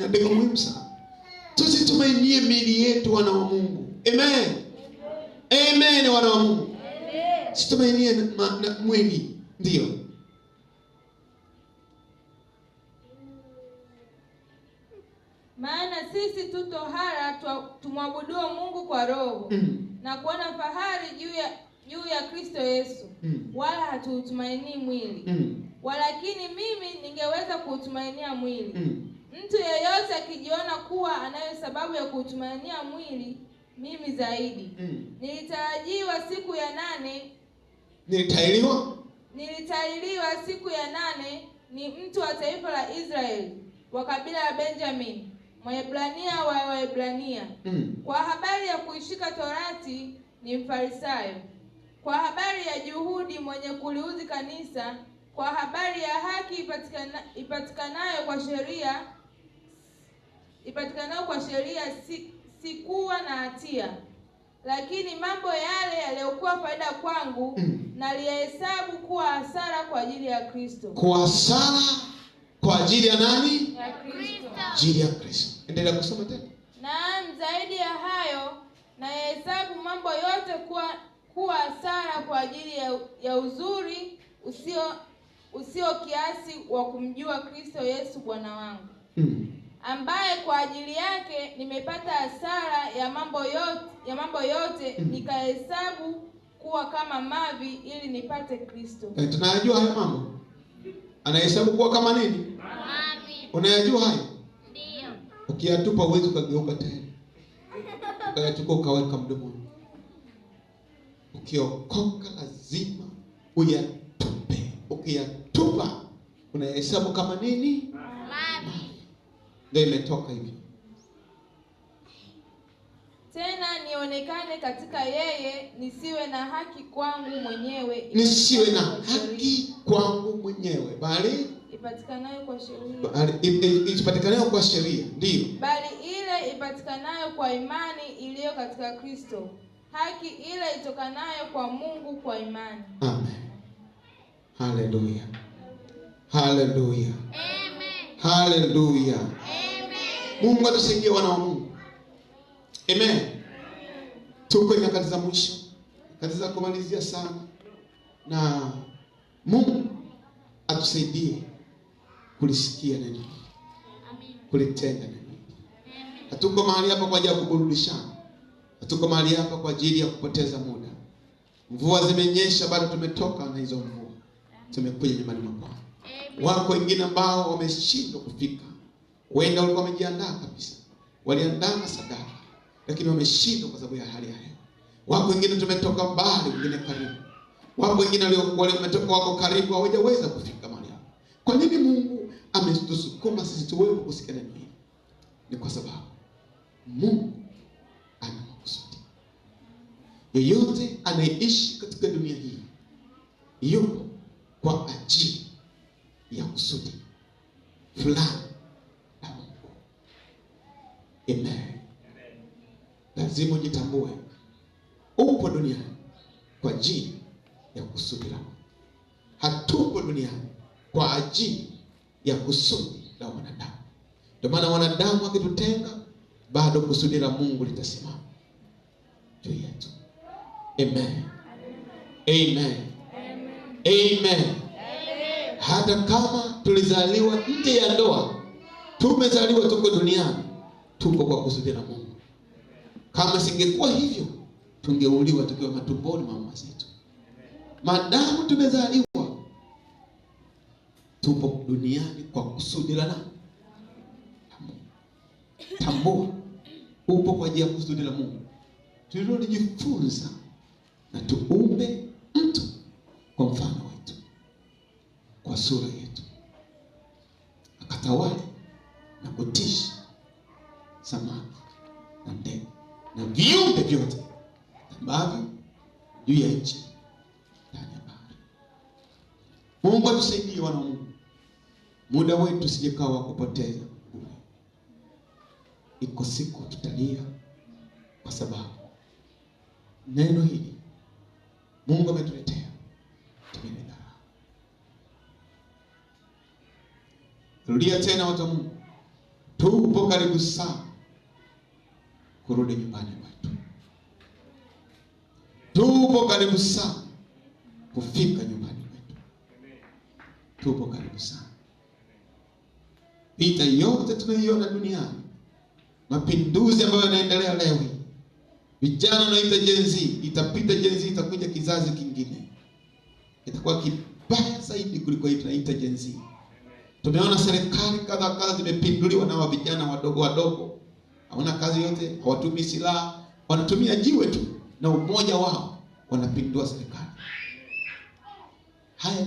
na muhimu sana. Tusitumainie miili yetu, wana wa Mungu. Amen, amen, wana wa Mungu, situmainie mwili, ndio maana sisi tu tohara tumwabuduo Mungu kwa roho mm. na kuona fahari juu ya juu ya Kristo Yesu mm. wala hatuutumainii mwili mm. walakini mimi ningeweza kuutumainia mwili mm. Mtu yeyote akijiona kuwa anayo sababu ya kuutumainia mwili mimi zaidi. Mm. Nilitarajiwa siku ya nane. Nilitahiriwa? Nilitahiriwa siku ya nane ni mtu wa taifa la Israeli wa kabila la Benjamin, Mwebrania wa Waebrania. Mm. Kwa habari ya kuishika Torati ni Mfarisayo. Kwa habari ya juhudi mwenye kuliuzi kanisa, kwa habari ya haki ipatikana, ipatikanayo kwa sheria ipatikanao kwa sheria si, si na hatia, lakini mambo yale yaliyokuwa faida kwangu mm. naliyahesabu kuwa hasara kwa ajili ya Kristo. Kwa hasara kwa ajili ya nani? Ya Kristo. Ajili ya Kristo. Endelea kusoma tena. Naam, zaidi ya hayo nayahesabu mambo yote kuwa kuwa hasara kwa ajili ya, ya uzuri usio usio kiasi wa kumjua Kristo Yesu Bwana wangu mm ambaye kwa ajili yake nimepata hasara ya mambo yote, ya mambo yote mm. nikahesabu kuwa kama mavi ili nipate Kristo. E, tunayajua haya mambo, anahesabu kuwa kama nini? Mavi. Unayajua hayo? Ndio. Ukiyatupa huwezi ukageuka tena, ukayachukua ukaweka mdomoni. Ukiokoka lazima uyatupe, ukiyatupa unahesabu kama nini? Mavi ndio imetoka hivi. Tena nionekane katika yeye, nisiwe na haki kwangu mwenyewe, nisiwe na haki kwangu mwenyewe, bali ipatikanayo kwa sheria, ndio bali ile ipatikanayo kwa imani iliyo katika Kristo, haki ile itokanayo kwa Mungu kwa imani. Amen. Haleluya, haleluya, amen, haleluya. Mungu atusaidie wana wa Mungu. Amen. Tuko nyakati za mwisho, nyakati za kumalizia sana, na Mungu atusaidie kulisikia neno, kulitenda neno. Hatuko mahali hapa kwa ajili ya kuburudishana, hatuko mahali hapa kwa ajili ya kupoteza muda. Mvua zimenyesha, bado tumetoka na hizo mvua, tumekuja nyumbani mwako. Wako wengine ambao wameshindwa kufika Wengi walikuwa wamejiandaa kabisa, waliandaa na sadaka, lakini wameshindwa kwa sababu ya hali ya hewa. Wako wengine tumetoka mbali, wengine karibu, wako wengine wametoka wako karibu, hawajaweza kufika mahali hapo. Kwa nini Mungu ametusukuma sisi tuweze kusikia neno hili? Ni kwa sababu Mungu ana makusudi. Yeyote anayeishi katika dunia hii yupo lazima ujitambue upo duniani kwa ajili ya kusudi la Mungu. Hatupo duniani kwa ajili ya kusudi la wanadamu. Ndio maana wanadamu wakitutenga, bado kusudi la Mungu litasimama juu yetu. Amen. Amen. Amen. Hata kama tulizaliwa nje ya ndoa, tumezaliwa tuko duniani, tuko kwa kusudi la Mungu. Kama singekuwa hivyo, tungeuliwa tukiwa matumboni mwa mama zetu. madamu tumezaliwa, tupo duniani kwa kusudi la nani? Tambua upo kwa ajili ya kusudi la Mungu tulilolijifunza na tuumbe mtu kwa mfano wetu, kwa sura yetu, akatawale na kutishi samaki na ndege na viumbe vyote ambavyo juu ya nchi ndani ya bahari. Mungu atusaidie wana Mungu, muda wetu sijekaa wa kupoteza Iko siku tutalia, kwa sababu neno hili Mungu ametuletea tumelidharau. Rudia tena watu wa Mungu, tupo karibu sana kurudi nyumbani mwetu. Tupo karibu sana kufika nyumbani kwetu, tupo karibu sana. Vita yote tunaiona duniani, mapinduzi ambayo yanaendelea leo, vijana wanaita jenzi, itapita jenzi, itakuja kizazi kingine, itakuwa kibaya zaidi kuliko hii tunaita jenzi. Tumeona serikali kadha kadha zimepinduliwa na vijana wadogo wadogo hawana kazi yote, hawatumii silaha, wanatumia jiwe tu na umoja wao wanapindua serikali. Haya